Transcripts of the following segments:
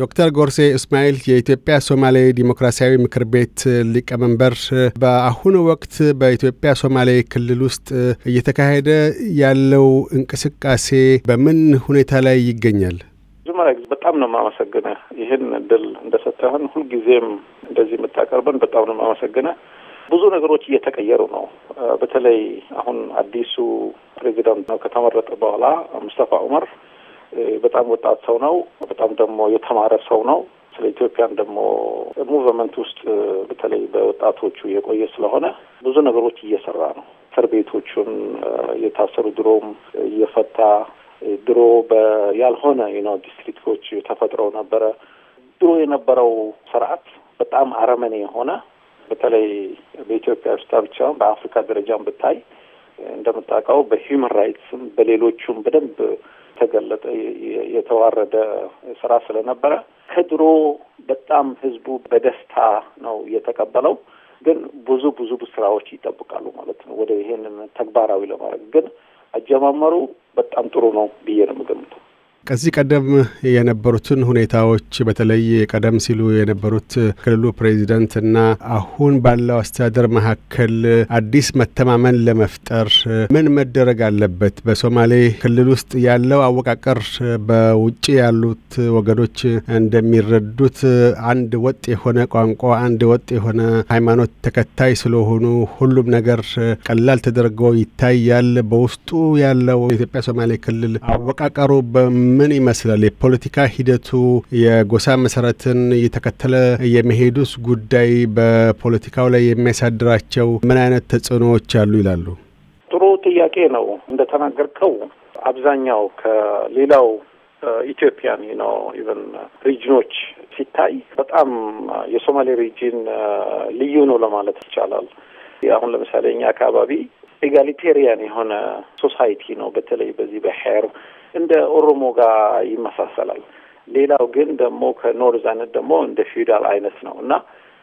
ዶክተር ጎርሴ እስማኤል የኢትዮጵያ ሶማሌ ዲሞክራሲያዊ ምክር ቤት ሊቀመንበር፣ በአሁኑ ወቅት በኢትዮጵያ ሶማሌ ክልል ውስጥ እየተካሄደ ያለው እንቅስቃሴ በምን ሁኔታ ላይ ይገኛል? መጀመሪያ በጣም ነው የማመሰግነህ ይህን እድል እንደሰጠህን። ሁልጊዜም እንደዚህ የምታቀርበን በጣም ነው የማመሰግነህ። ብዙ ነገሮች እየተቀየሩ ነው። በተለይ አሁን አዲሱ ፕሬዚዳንት ነው ከተመረጠ በኋላ ሙስተፋ ዑመር በጣም ወጣት ሰው ነው። በጣም ደግሞ የተማረ ሰው ነው። ስለ ኢትዮጵያን ደግሞ ሙቭመንት ውስጥ በተለይ በወጣቶቹ የቆየ ስለሆነ ብዙ ነገሮች እየሰራ ነው። እስር ቤቶቹን የታሰሩ ድሮም እየፈታ ድሮ ያልሆነ ነው ዲስትሪክቶች ተፈጥረው ነበረ። ድሮ የነበረው ስርዓት በጣም አረመኔ የሆነ በተለይ በኢትዮጵያ ውስጥ ብቻ በአፍሪካ ደረጃም ብታይ እንደምታውቀው በሂውማን ራይትስም በሌሎቹም በደንብ የተገለጠ የተዋረደ ስራ ስለነበረ ከድሮ በጣም ህዝቡ በደስታ ነው የተቀበለው። ግን ብዙ ብዙ ስራዎች ይጠብቃሉ ማለት ነው ወደ ይሄንን ተግባራዊ ለማድረግ ግን አጀማመሩ በጣም ጥሩ ነው ብዬ ነው የምገምተው። ከዚህ ቀደም የነበሩትን ሁኔታዎች በተለይ ቀደም ሲሉ የነበሩት ክልሉ ፕሬዚደንት እና አሁን ባለው አስተዳደር መካከል አዲስ መተማመን ለመፍጠር ምን መደረግ አለበት? በሶማሌ ክልል ውስጥ ያለው አወቃቀር በውጭ ያሉት ወገኖች እንደሚረዱት አንድ ወጥ የሆነ ቋንቋ፣ አንድ ወጥ የሆነ ሃይማኖት ተከታይ ስለሆኑ ሁሉም ነገር ቀላል ተደርጎ ይታያል። በውስጡ ያለው የኢትዮጵያ ሶማሌ ክልል አወቃቀሩ በም ምን ይመስላል? የፖለቲካ ሂደቱ የጎሳ መሰረትን እየተከተለ የመሄዱስ ጉዳይ በፖለቲካው ላይ የሚያሳድራቸው ምን አይነት ተጽዕኖዎች አሉ ይላሉ? ጥሩ ጥያቄ ነው። እንደተናገርከው አብዛኛው ከሌላው ኢትዮጵያን ነው ኢቨን ሪጅኖች ሲታይ በጣም የሶማሌ ሪጅን ልዩ ነው ለማለት ይቻላል። አሁን ለምሳሌ እኛ አካባቢ ኢጋሊቴሪያን የሆነ ሶሳይቲ ነው። በተለይ በዚህ በሄር እንደ ኦሮሞ ጋር ይመሳሰላል። ሌላው ግን ደግሞ ከኖርዝ አይነት ደግሞ እንደ ፊውዳል አይነት ነው እና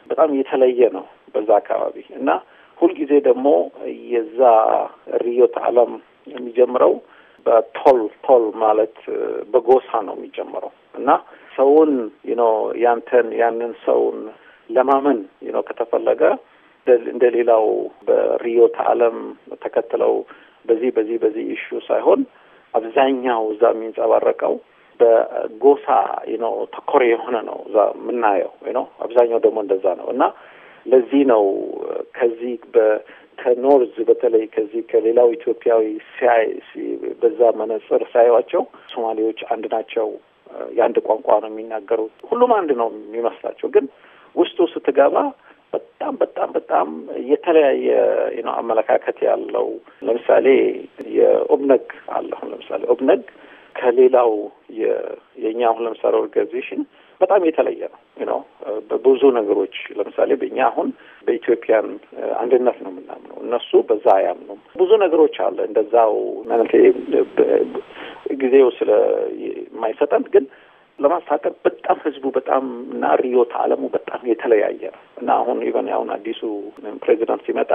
በጣም የተለየ ነው በዛ አካባቢ እና ሁልጊዜ ደግሞ የዛ ርዕዮተ ዓለም የሚጀምረው በቶል ቶል ማለት በጎሳ ነው የሚጀምረው እና ሰውን ዩኖ ያንተን ያንን ሰውን ለማመን ዩኖ ከተፈለገ እንደ ሌላው በርዕዮተ ዓለም ተከትለው በዚህ በዚህ በዚህ ኢሹ ሳይሆን አብዛኛው እዛ የሚንጸባረቀው በጎሳ ነው ተኮር የሆነ ነው እዛ የምናየው ነው። አብዛኛው ደግሞ እንደዛ ነው እና ለዚህ ነው ከዚህ ከኖርዝ በተለይ ከዚህ ከሌላው ኢትዮጵያዊ ሲያይ በዛ መነጽር ሳያቸው ሶማሌዎች አንድ ናቸው፣ የአንድ ቋንቋ ነው የሚናገሩት፣ ሁሉም አንድ ነው የሚመስላቸው። ግን ውስጡ ስትገባ በጣም በጣም በጣም የተለያየ ነው አመለካከት ያለው ለምሳሌ የኦብነግ አለ። አሁን ለምሳሌ ኦብነግ ከሌላው የእኛ አሁን ለምሳሌ ኦርጋኒዜሽን በጣም የተለየ ነው ነው በብዙ ነገሮች ለምሳሌ በእኛ አሁን በኢትዮጵያን አንድነት ነው የምናምነው፣ እነሱ በዛ አያምኑም። ብዙ ነገሮች አለ እንደዛው ጊዜው ስለ የማይሰጠን ግን ለማስታቀር በጣም ህዝቡ በጣም እና ርዕዮተ ዓለሙ በጣም የተለያየ ነው እና አሁን ኢቨን አሁን አዲሱ ፕሬዚዳንት ሲመጣ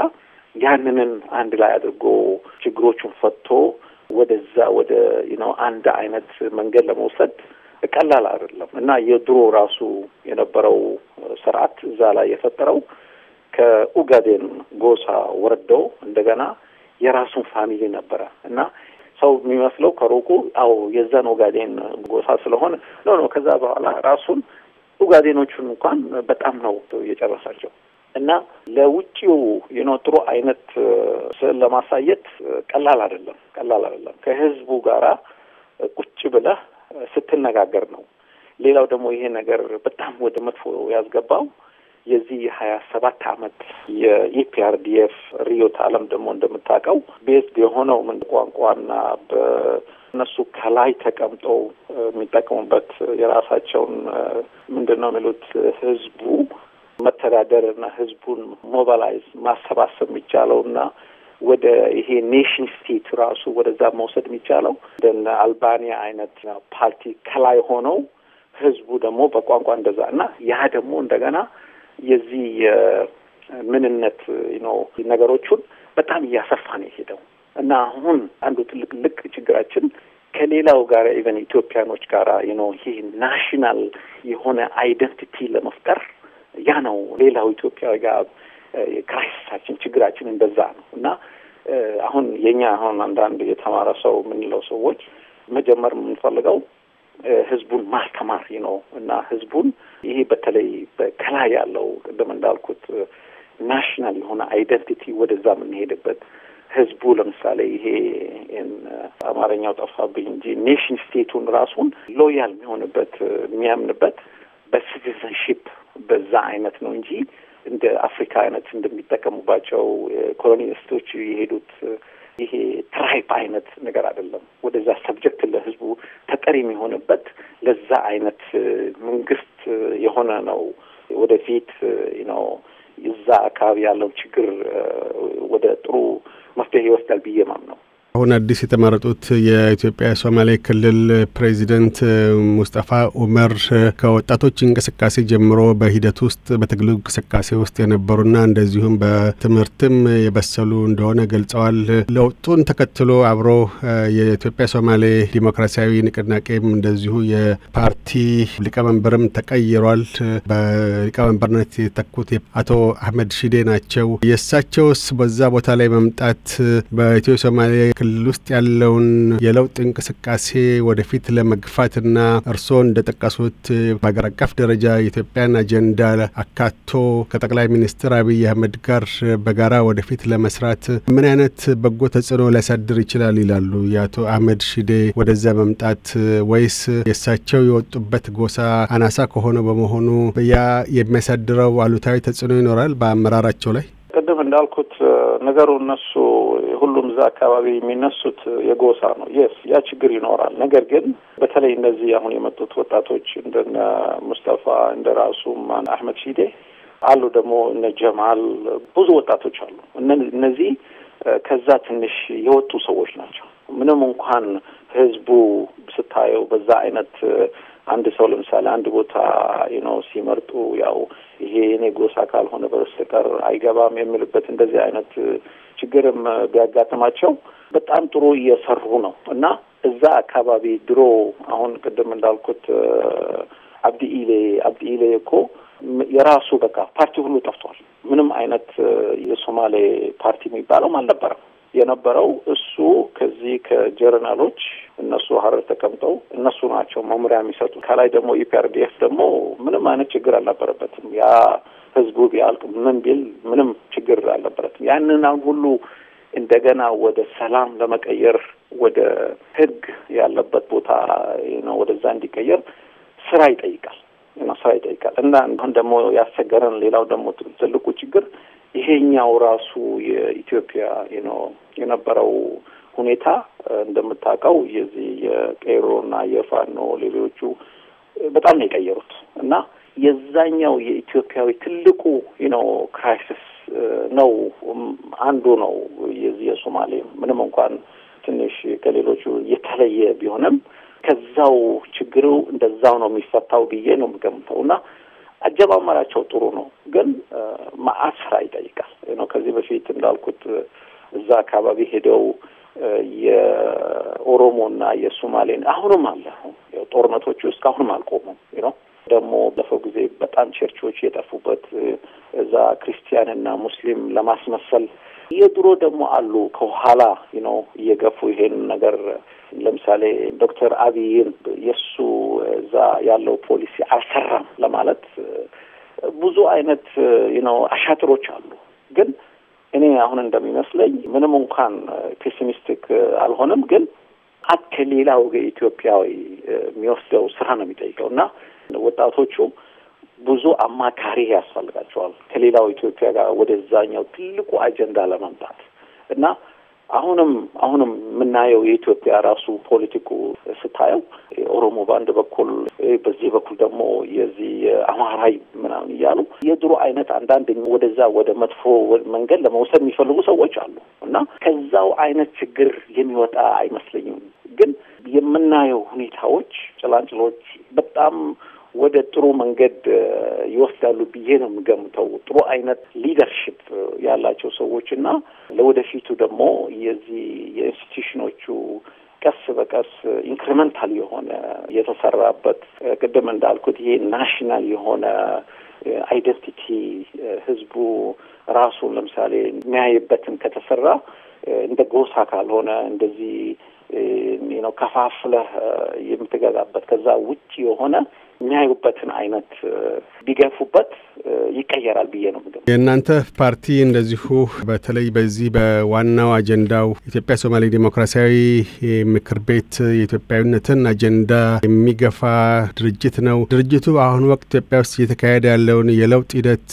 ያንንም አንድ ላይ አድርጎ ችግሮቹን ፈቶ ወደዛ ወደ ነው አንድ አይነት መንገድ ለመውሰድ ቀላል አይደለም እና የድሮ ራሱ የነበረው ስርዓት እዛ ላይ የፈጠረው ከኡጋዴን ጎሳ ወርዶ እንደገና የራሱን ፋሚሊ ነበረ እና ሰው የሚመስለው ከሩቁ አዎ የዛን ኡጋዴን ጎሳ ስለሆነ ኖ ከዛ በኋላ ራሱን ኡጋዴኖቹን እንኳን በጣም ነው የጨረሳቸው። እና ለውጭው የኖትሮ አይነት ስዕል ለማሳየት ቀላል አይደለም፣ ቀላል አይደለም። ከህዝቡ ጋራ ቁጭ ብለህ ስትነጋገር ነው። ሌላው ደግሞ ይሄ ነገር በጣም ወደ መጥፎ ያስገባው የዚህ የሀያ ሰባት አመት የኢፒአርዲኤፍ ሪዮት አለም ደግሞ እንደምታውቀው ቤዝድ የሆነው ምን ቋንቋና በእነሱ ከላይ ተቀምጠው የሚጠቀሙበት የራሳቸውን ምንድን ነው የሚሉት ህዝቡ መተዳደርና ህዝቡን ሞባላይዝ ማሰባሰብ የሚቻለው እና ወደ ይሄ ኔሽን ስቴት ራሱ ወደዛ መውሰድ የሚቻለው እንደነ አልባኒያ አይነት ፓርቲ ከላይ ሆነው ህዝቡ ደግሞ በቋንቋ እንደዛ እና ያ ደግሞ እንደገና የዚህ ምንነት ነው ነገሮቹን በጣም እያሰፋ ነው የሄደው እና አሁን አንዱ ትልቅ ችግራችን ከሌላው ጋር ኢቨን ኢትዮጵያኖች ጋር ነው ይሄ ናሽናል የሆነ አይደንቲቲ ለመፍጠር ያ ነው ሌላው ኢትዮጵያዊ ጋር ክራይሲሳችን ችግራችንን በዛ ነው እና አሁን የኛ አሁን አንዳንድ የተማረ ሰው የምንለው ሰዎች መጀመር የምንፈልገው ህዝቡን ማስተማር ነው እና ህዝቡን ይሄ በተለይ ከላይ ያለው ቅድም እንዳልኩት ናሽናል የሆነ አይደንቲቲ ወደዛ የምንሄድበት ህዝቡ ለምሳሌ ይሄ አማርኛው ጠፋብኝ እንጂ ኔሽን ስቴቱን ራሱን ሎያል የሚሆንበት የሚያምንበት በሲቲዘንሺፕ በዛ አይነት ነው እንጂ እንደ አፍሪካ አይነት እንደሚጠቀሙባቸው ኮሎኒስቶች የሄዱት ይሄ ትራይፕ አይነት ነገር አይደለም። ወደዛ ሰብጀክት ለህዝቡ ተጠሪ የሚሆንበት ለዛ አይነት መንግስት የሆነ ነው። ወደፊት ነው እዛ አካባቢ ያለው ችግር ወደ ጥሩ መፍትሄ ይወስዳል ብዬ ማም ነው። አሁን አዲስ የተመረጡት የኢትዮጵያ ሶማሌ ክልል ፕሬዚደንት ሙስጠፋ ኡመር ከወጣቶች እንቅስቃሴ ጀምሮ በሂደት ውስጥ በትግሉ እንቅስቃሴ ውስጥ የነበሩና እንደዚሁም በትምህርትም የበሰሉ እንደሆነ ገልጸዋል። ለውጡን ተከትሎ አብሮ የኢትዮጵያ ሶማሌ ዲሞክራሲያዊ ንቅናቄም እንደዚሁ የፓርቲ ሊቀመንበርም ተቀይሯል። በሊቀመንበርነት የተኩት አቶ አህመድ ሺዴ ናቸው። የእሳቸውስ በዛ ቦታ ላይ መምጣት በኢትዮ ሶማሌ ክልል ውስጥ ያለውን የለውጥ እንቅስቃሴ ወደፊት ለመግፋትና እርስዎ እንደጠቀሱት በሀገር አቀፍ ደረጃ የኢትዮጵያን አጀንዳ አካቶ ከጠቅላይ ሚኒስትር አብይ አህመድ ጋር በጋራ ወደፊት ለመስራት ምን አይነት በጎ ተጽዕኖ ሊያሳድር ይችላል ይላሉ? የአቶ አህመድ ሺዴ ወደዛ መምጣት ወይስ የእሳቸው የወጡበት ጎሳ አናሳ ከሆነ በመሆኑ ያ የሚያሳድረው አሉታዊ ተጽዕኖ ይኖራል በአመራራቸው ላይ? ቅድም እንዳልኩት ነገሩ እነሱ ሁሉም እዛ አካባቢ የሚነሱት የጎሳ ነው። የስ ያ ችግር ይኖራል። ነገር ግን በተለይ እነዚህ አሁን የመጡት ወጣቶች እንደነ ሙስጠፋ እንደ ራሱም አህመድ ሺዴ አሉ፣ ደግሞ እነ ጀማል ብዙ ወጣቶች አሉ። እነዚህ ከዛ ትንሽ የወጡ ሰዎች ናቸው። ምንም እንኳን ህዝቡ ስታየው በዛ አይነት አንድ ሰው ለምሳሌ አንድ ቦታ ነው ሲመርጡ ያው ይሄ የኔ ጎሳ ካልሆነ በስተቀር አይገባም የሚልበት እንደዚህ አይነት ችግርም ቢያጋጥማቸው በጣም ጥሩ እየሰሩ ነው እና እዛ አካባቢ ድሮ አሁን ቅድም እንዳልኩት አብዲ ኢሌ አብዲ ኢሌ እኮ የራሱ በቃ ፓርቲ ሁሉ ጠፍቷል። ምንም አይነት የሶማሌ ፓርቲ የሚባለውም አልነበረም። የነበረው እሱ ከዚህ ከጀርናሎች እነሱ ሀረር ተቀምጠው እነሱ ናቸው መምሪያ የሚሰጡት። ከላይ ደግሞ ኢፒአርዲኤፍ ደግሞ ምንም አይነት ችግር አልነበረበትም። ያ ህዝቡ ቢያልቅ ምን ቢል ምንም ችግር አልነበረትም። ያንን ሁሉ እንደገና ወደ ሰላም ለመቀየር ወደ ህግ ያለበት ቦታ ነው ወደዛ እንዲቀየር ስራ ይጠይቃል ስራ ይጠይቃል እና እንደሞ ያስቸገረን ሌላው ደግሞ ትልቁ ይሄኛው ራሱ የኢትዮጵያ ነው የነበረው ሁኔታ እንደምታውቀው የዚህ የቀይሮ የቄሮና የፋኖ ሌሎቹ በጣም ነው የቀየሩት እና የዛኛው የኢትዮጵያዊ ትልቁ ነው ክራይሲስ ነው አንዱ ነው የዚህ የሶማሌ ምንም እንኳን ትንሽ ከሌሎቹ የተለየ ቢሆንም ከዛው ችግሩ እንደዛው ነው የሚፈታው ብዬ ነው የምገምተው እና አጀማመራቸው ጥሩ ነው፣ ግን መዓት ስራ ይጠይቃል ነው ከዚህ በፊት እንዳልኩት እዛ አካባቢ ሄደው የኦሮሞና የሱማሌን አሁንም አለ ጦርነቶቹ እስካሁንም አልቆሙም ነው። ደግሞ ባለፈው ጊዜ በጣም ቸርቾች የጠፉበት እዛ ክርስቲያንና ሙስሊም ለማስመሰል የድሮ ደግሞ አሉ ከኋላ ነው እየገፉ ይሄን ነገር ለምሳሌ ዶክተር አብይን የእሱ እዛ ያለው ፖሊሲ አልሰራም ለማለት ብዙ አይነት ነው አሻጥሮች አሉ። ግን እኔ አሁን እንደሚመስለኝ ምንም እንኳን ፔሲሚስቲክ አልሆንም፣ ግን አት ሌላው ኢትዮጵያዊ የሚወስደው ስራ ነው የሚጠይቀው እና ወጣቶቹ ብዙ አማካሪ ያስፈልጋቸዋል ከሌላው ኢትዮጵያ ጋር ወደዛኛው ትልቁ አጀንዳ ለመምጣት እና አሁንም አሁንም የምናየው የኢትዮጵያ ራሱ ፖለቲኩ ስታየው ኦሮሞ በአንድ በኩል በዚህ በኩል ደግሞ የዚህ አማራይ ምናምን እያሉ የድሮ አይነት አንዳንድ ወደዛ ወደ መጥፎ መንገድ ለመውሰድ የሚፈልጉ ሰዎች አሉ እና ከዛው አይነት ችግር የሚወጣ አይመስለኝም። ግን የምናየው ሁኔታዎች ጭላንጭሎች በጣም ወደ ጥሩ መንገድ ይወስዳሉ ብዬ ነው የምገምተው። ጥሩ አይነት ሊደርሽፕ ያላቸው ሰዎች እና ለወደፊቱ ደግሞ የዚህ የኢንስቲትዩሽኖቹ ቀስ በቀስ ኢንክሪመንታል የሆነ የተሰራበት ቅድም እንዳልኩት ይሄ ናሽናል የሆነ አይደንቲቲ ህዝቡ ራሱን ለምሳሌ የሚያይበትን ከተሰራ እንደ ጎሳ ካልሆነ እንደዚህ ነው ከፋፍለህ የምትገዛበት ከዛ ውጭ የሆነ የሚያዩበትን አይነት ቢገፉበት ይቀየራል ብዬ ነው። የእናንተ ፓርቲ እንደዚሁ በተለይ በዚህ በዋናው አጀንዳው ኢትዮጵያ ሶማሌ ዴሞክራሲያዊ ምክር ቤት የኢትዮጵያዊነትን አጀንዳ የሚገፋ ድርጅት ነው። ድርጅቱ በአሁኑ ወቅት ኢትዮጵያ ውስጥ እየተካሄደ ያለውን የለውጥ ሂደት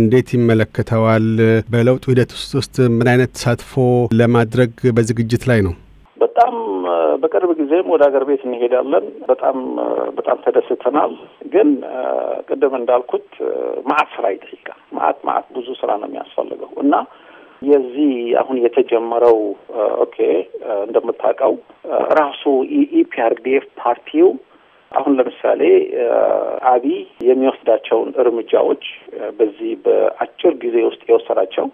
እንዴት ይመለከተዋል? በለውጡ ሂደት ውስጥ ውስጥ ምን አይነት ተሳትፎ ለማድረግ በዝግጅት ላይ ነው? በጣም በቅርብ ጊዜም ወደ ሀገር ቤት እንሄዳለን። በጣም በጣም ተደስተናል። ግን ቅድም እንዳልኩት ማአት ስራ ይጠይቃል። ማአት ማአት ብዙ ስራ ነው የሚያስፈልገው እና የዚህ አሁን የተጀመረው ኦኬ እንደምታውቀው ራሱ ኢፒአርዲኤፍ ፓርቲው አሁን ለምሳሌ አቢይ የሚወስዳቸውን እርምጃዎች በዚህ በአጭር ጊዜ ውስጥ የወሰዳቸው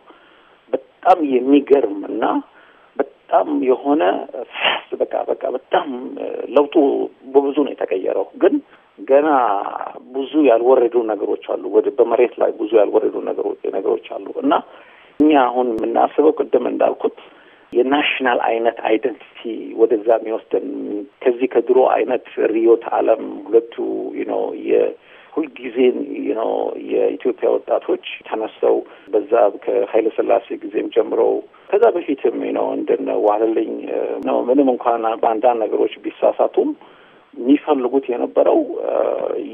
በጣም የሚገርም እና በጣም የሆነ ፋስት በቃ በቃ በጣም ለውጡ በብዙ ነው የተቀየረው። ግን ገና ብዙ ያልወረዱ ነገሮች አሉ። ወደ በመሬት ላይ ብዙ ያልወረዱ ነገሮች ነገሮች አሉ እና እኛ አሁን የምናስበው ቅድም እንዳልኩት የናሽናል አይነት አይደንቲቲ ወደዛ የሚወስደን ከዚህ ከድሮ አይነት ሪዮት አለም ሁለቱ ነው ሁልጊዜ ነው የኢትዮጵያ ወጣቶች ተነስተው በዛ ከኃይለ ሥላሴ ጊዜም ጀምሮ ከዛ በፊትም ነው እንደነ ዋህልልኝ ነው ምንም እንኳን በአንዳንድ ነገሮች ቢሳሳቱም የሚፈልጉት የነበረው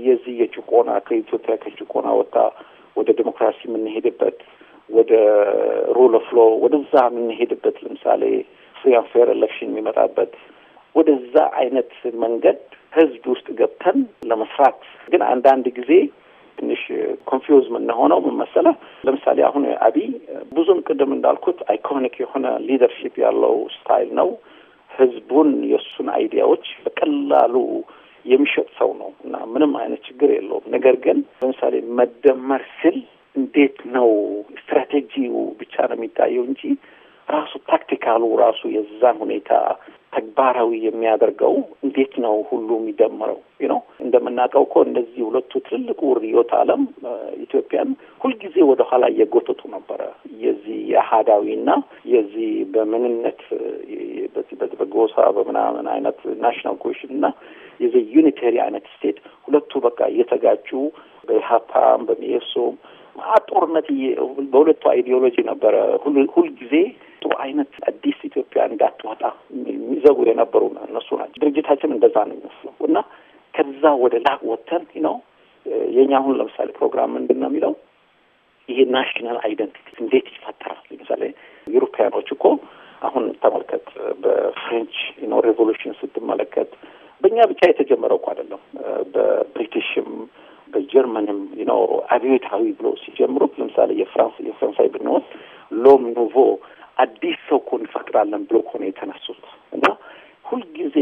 የዚህ የጭቆና ከኢትዮጵያ ከጭቆና ወጣ ወደ ዲሞክራሲ የምንሄድበት ወደ ሩል ኦፍ ሎ ወደዛ የምንሄድበት ለምሳሌ ፍሪ አንድ ፌር ኤሌክሽን የሚመጣበት ወደዛ አይነት መንገድ ህዝብ ውስጥ ገብተን ለመስራት ግን አንዳንድ ጊዜ ትንሽ ኮንፊውዝ የምንሆነው ምን መሰለህ፣ ለምሳሌ አሁን አቢይ ብዙም ቅድም እንዳልኩት አይኮኒክ የሆነ ሊደርሺፕ ያለው ስታይል ነው። ህዝቡን የእሱን አይዲያዎች በቀላሉ የሚሸጥ ሰው ነው እና ምንም አይነት ችግር የለውም። ነገር ግን ለምሳሌ መደመር ስል እንዴት ነው ስትራቴጂው ብቻ ነው የሚታየው እንጂ ራሱ ታክቲካሉ ራሱ የዛን ሁኔታ ተግባራዊ የሚያደርገው እንዴት ነው ሁሉ የሚደምረው ነው። እንደምናውቀው እኮ እነዚህ ሁለቱ ትልልቁ ርዕዮተ ዓለም ኢትዮጵያን ሁልጊዜ ወደኋላ እየጎተቱ ነበረ። የዚህ የአህዳዊና የዚህ በምንነት በዚህ በጎሳ በምናምን አይነት ናሽናል ኮሽን እና የዚህ ዩኒቴሪ አይነት ስቴት ሁለቱ በቃ እየተጋጩ በኢህአፓም በሚኤሶም ማአት ጦርነት በሁለቱ አይዲዮሎጂ ነበረ ሁልጊዜ ጥሩ አይነት አዲስ ኢትዮጵያ እንዳትወጣ የሚዘጉ የነበሩ እነሱ ናቸው። ድርጅታችን እንደዛ ነው የሚመስለው እና ከዛ ወደ ላቅ ወጥተን ነው የእኛ አሁን ለምሳሌ ፕሮግራም ምንድን ነው የሚለው ይሄ ናሽናል አይደንቲቲ እንዴት ይፈጠራል? ለምሳሌ ዩሮፓያኖች እኮ አሁን ተመልከት፣ በፍሬንች ኖ ሬቮሉሽን ስትመለከት በእኛ ብቻ የተጀመረው አብዮታዊ ብሎ ሲጀምሩ ለምሳሌ የፍራንስ የፈረንሳይ ብንወስድ ሎም ኑቮ አዲስ ሰው እኮ እንፈጥራለን ብሎ ከሆነ የተነሱት እና ሁልጊዜ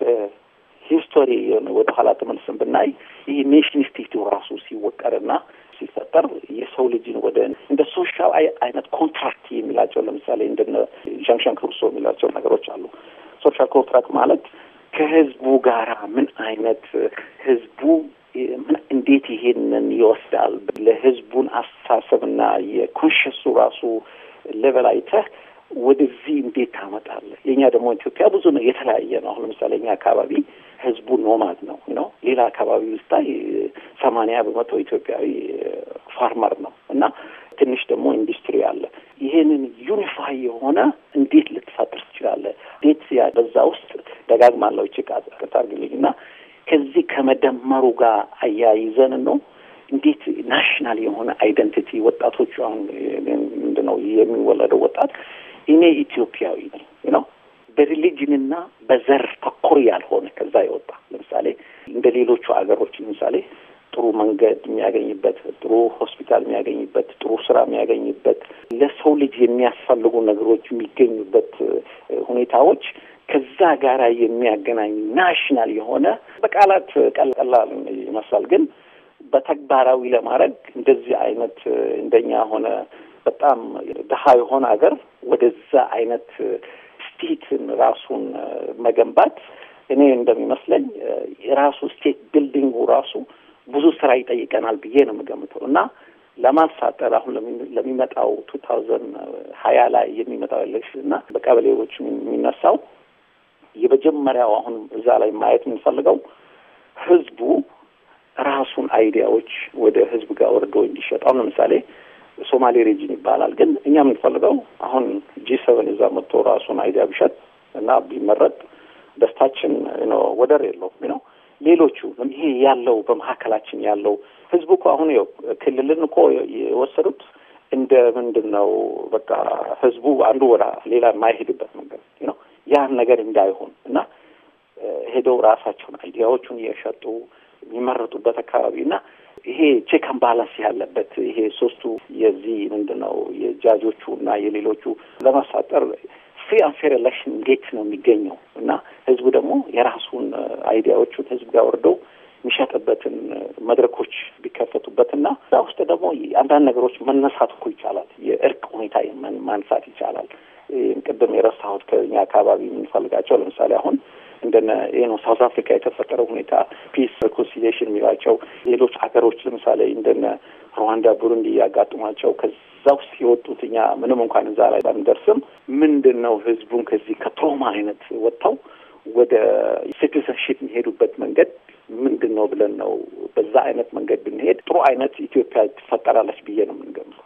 በሂስቶሪ የሆነ ወደ ኋላ ተመልስን ብናይ ይህ ኔሽን ስቴቱ ራሱ ሲወቀርና ሲፈጠር የሰው ልጅን ወደ እንደ ሶሻል አይነት ኮንትራክት የሚላቸው ለምሳሌ እንደነ ዣንሻን ክሩሶ የሚላቸው ነገሮች አሉ። ሶሻል ኮንትራክት ማለት ከህዝቡ ጋራ ምን አይነት ህዝቡ እንዴት ይሄንን ይወስዳል ለህዝቡን አስተሳሰብና የኮንሽሱ ራሱ ሌቨል አይተህ ወደዚህ እንዴት ታመጣለህ? የእኛ ደግሞ ኢትዮጵያ ብዙ ነው፣ የተለያየ ነው። አሁን ለምሳሌ እኛ አካባቢ ህዝቡ ኖማድ ነው ነው ሌላ አካባቢ ውስጥ ሰማንያ በመቶ ኢትዮጵያዊ ፋርመር ነው እና ትንሽ ደግሞ ኢንዱስትሪ አለ። ይሄንን ዩኒፋይ የሆነ እንዴት ልትፈጥር ትችላለህ? እንዴት ያ በዛ ውስጥ ደጋግማለሁ ችቃ ቀጣርግልኝ እና ከዚህ ከመደመሩ ጋር አያይዘን ነው እንዴት ናሽናል የሆነ አይደንቲቲ ወጣቶቹ አሁን ምንድነው የሚወለደው ወጣት እኔ ኢትዮጵያዊ ነው በሪሊጅንና በዘር ተኮር ያልሆነ ከዛ የወጣ ለምሳሌ እንደ ሌሎቹ ሀገሮች ለምሳሌ ጥሩ መንገድ የሚያገኝበት፣ ጥሩ ሆስፒታል የሚያገኝበት፣ ጥሩ ስራ የሚያገኝበት፣ ለሰው ልጅ የሚያስፈልጉ ነገሮች የሚገኙበት ሁኔታዎች ከዛ ጋራ የሚያገናኝ ናሽናል የሆነ በቃላት ቀላል ይመስላል፣ ግን በተግባራዊ ለማድረግ እንደዚህ አይነት እንደኛ ሆነ በጣም ድሀ የሆነ ሀገር ወደዛ አይነት ስቴትን ራሱን መገንባት እኔ እንደሚመስለኝ የራሱ ስቴት ቢልዲንጉ ራሱ ብዙ ስራ ይጠይቀናል ብዬ ነው የምገምተው እና ለማሳጠር አሁን ለሚመጣው ቱ ታውዘንድ ሀያ ላይ የሚመጣው ኤሌክሽን እና በቀበሌዎች የሚነሳው የመጀመሪያው አሁን እዛ ላይ ማየት የምንፈልገው ህዝቡ ራሱን አይዲያዎች ወደ ህዝብ ጋር ወርዶ እንዲሸጥ አሁን ለምሳሌ ሶማሌ ሬጅን ይባላል። ግን እኛ የምንፈልገው አሁን ጂ ሰቨን እዛ መጥቶ ራሱን አይዲያ ቢሸጥ እና ቢመረጥ ደስታችን ነው፣ ወደር የለውም ነው። ሌሎቹ ይሄ ያለው በመካከላችን ያለው ህዝቡ እኮ አሁን ው ክልልን እኮ የወሰዱት እንደ ምንድን ነው በቃ ህዝቡ አንዱ ወደ ሌላ የማይሄድበት መንገድ ነው። ያን ነገር እንዳይሆን እና ሄደው ራሳቸውን አይዲያዎቹን እየሸጡ የሚመረጡበት አካባቢ እና ይሄ ቼክ ባላንስ ያለበት ይሄ ሶስቱ የዚህ ምንድን ነው የጃጆቹ እና የሌሎቹ ለማሳጠር ፍሪ አንፌር ኤሌክሽን እንዴት ነው የሚገኘው እና ህዝቡ ደግሞ የራሱን አይዲያዎቹን ህዝብ ጋር ወርደው የሚሸጥበትን መድረኮች ቢከፈቱበትና እዛ ውስጥ ደግሞ አንዳንድ ነገሮች መነሳት እኮ ይቻላል። የእርቅ ሁኔታ ማንሳት ይቻላል። ቅድም የረሳሁት ከኛ አካባቢ የምንፈልጋቸው ለምሳሌ አሁን እንደነ ይህ ነው ሳውዝ አፍሪካ የተፈጠረው ሁኔታ ፒስ ሪኮንሲሊሽን የሚሏቸው ሌሎች ሀገሮች ለምሳሌ እንደነ ሩዋንዳ፣ ቡሩንዲ ያጋጥሟቸው ከዛ ውስጥ የወጡት እኛ ምንም እንኳን እዛ ላይ ባንደርስም ምንድን ነው ህዝቡን ከዚህ ከትሮማ አይነት ወጥተው ወደ ሲቲዘንሺፕ የሚሄዱበት መንገድ ምንድን ነው ብለን ነው በዛ አይነት መንገድ ብንሄድ ጥሩ አይነት ኢትዮጵያ ትፈጠራለች ብዬ ነው የምንገምተው።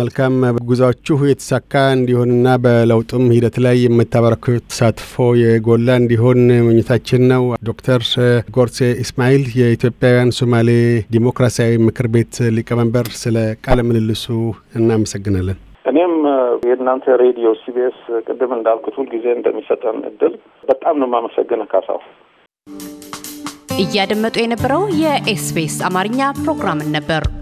መልካም ጉዟችሁ የተሳካ እንዲሆንና በለውጡም ሂደት ላይ የምታበረክቱት ተሳትፎ የጎላ እንዲሆን ምኞታችን ነው። ዶክተር ጎርሴ ኢስማኤል የኢትዮጵያውያን ሶማሌ ዲሞክራሲያዊ ምክር ቤት ሊቀመንበር፣ ስለ ቃለ ምልልሱ እናመሰግናለን። እኔም የእናንተ ሬዲዮ ሲቢኤስ ቅድም እንዳልኩት ሁልጊዜ እንደሚሰጠን እድል በጣም ነው የማመሰግንህ ካሳው። እያደመጡ የነበረው የኤስቢኤስ አማርኛ ፕሮግራምን ነበር።